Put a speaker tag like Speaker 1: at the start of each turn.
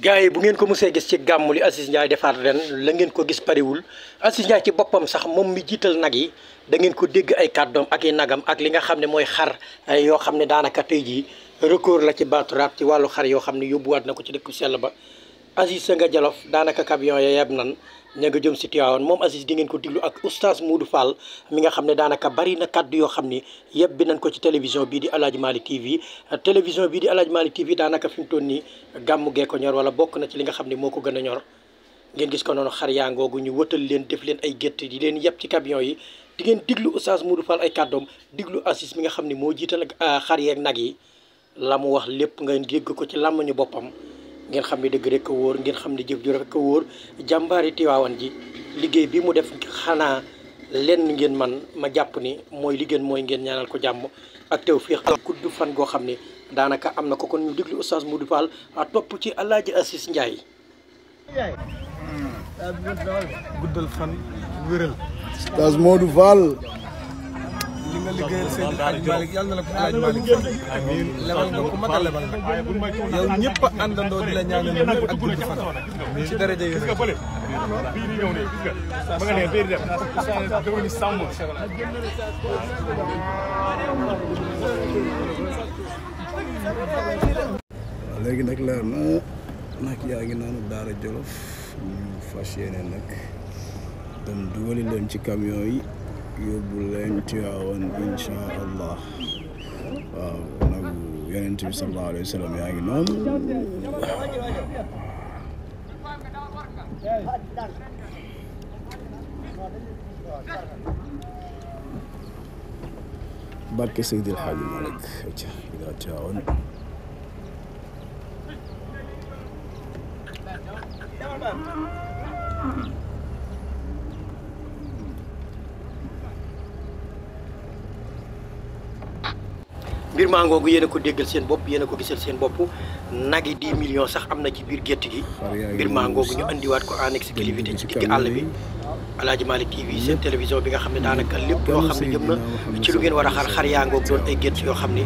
Speaker 1: gars yi bu ngeen ko mosee gis ci gàmmu li Aziz Ndiaye defaat ren la ngeen ko gis pariwul Aziz Ndiaye ci boppam sax moom mi jiital nag yi da ngeen ko dégg ay kàddoom ak i nagam ak li nga xam ne mooy xar yoo xam ne daanaka tey jii record la ci baaturaat ci wàllu xar yoo xam ne yóbbu waat na ko ci dëkku sell ba Aziz sa nga Jolof daanaka cabion ya yeb nan ña nga jëm si Tiwaawan moom Aziz di ngeen ko diglu ak oustaz Modou Fall mi nga xam ne daanaka bari na kàddu yoo xam ni yeb bi nañ ko ci télévision bii di Aladji Malick TV télévision bii di Aladji Malick TV daanaka fi mu toll nii gàmmu gee ko ñor wala bokk na ci li nga xam ne moo ko gën a ñor ngeen gis ko noonu xar yaa ngoogu ñu wëtal leen def leen ay gétt di leen yeb ci camion yi di ngeen diglu oustaz Modou Fall ay kàddoom diglu Aziz mi nga xam ne moo jiital ah, xar nag yi la mu wax lépp ngeen dégg ko ci làmmiñu boppam ngeen xam ne dëgg rek a wóor ngeen xam ne jëf ju rek a wóor jàmbaari Tiwaawan ji liggéey bi mu def xanaa lenn ngeen man ma jàpp ni mooy li mooy ngeen ñaanal ko jàmm ak tawfiix gudd fan goo xam ne daanaka am na ko kon ñu déglu Oustaz Modou Fall a topp ci Alaaji Asis Njaay hmm. guddal nga liggéeyal seen Aji Malick yal na la ko Aji Malick lebal nga a nag leer na ngi noonu Daara Jolof ñu fas yéene nag dem dugali leen ci camion yi yóbbu leen Tiwaawan incha allah waaw nagu yonent bi sallallahu alayhi wa sallam yaa ngi noonu barke Seydi El Hadji Malick aca ila Tiwaawan Thank you. mbir maa ngoogu yéen a ko déggal seen bopp yéen a ko gisal seen bopp nag yi 10 millions sax am na ci biir gétt gi mbir maa ngoogu ñu indiwaat ko en exclusivité ci digg àll bi Aladji Malick TV seen télévision bi nga xam ne daanaka lépp yoo xam ne jëm na ci lu ngeen war a xar xar yaa ngoog doon ay gétt yoo xam ne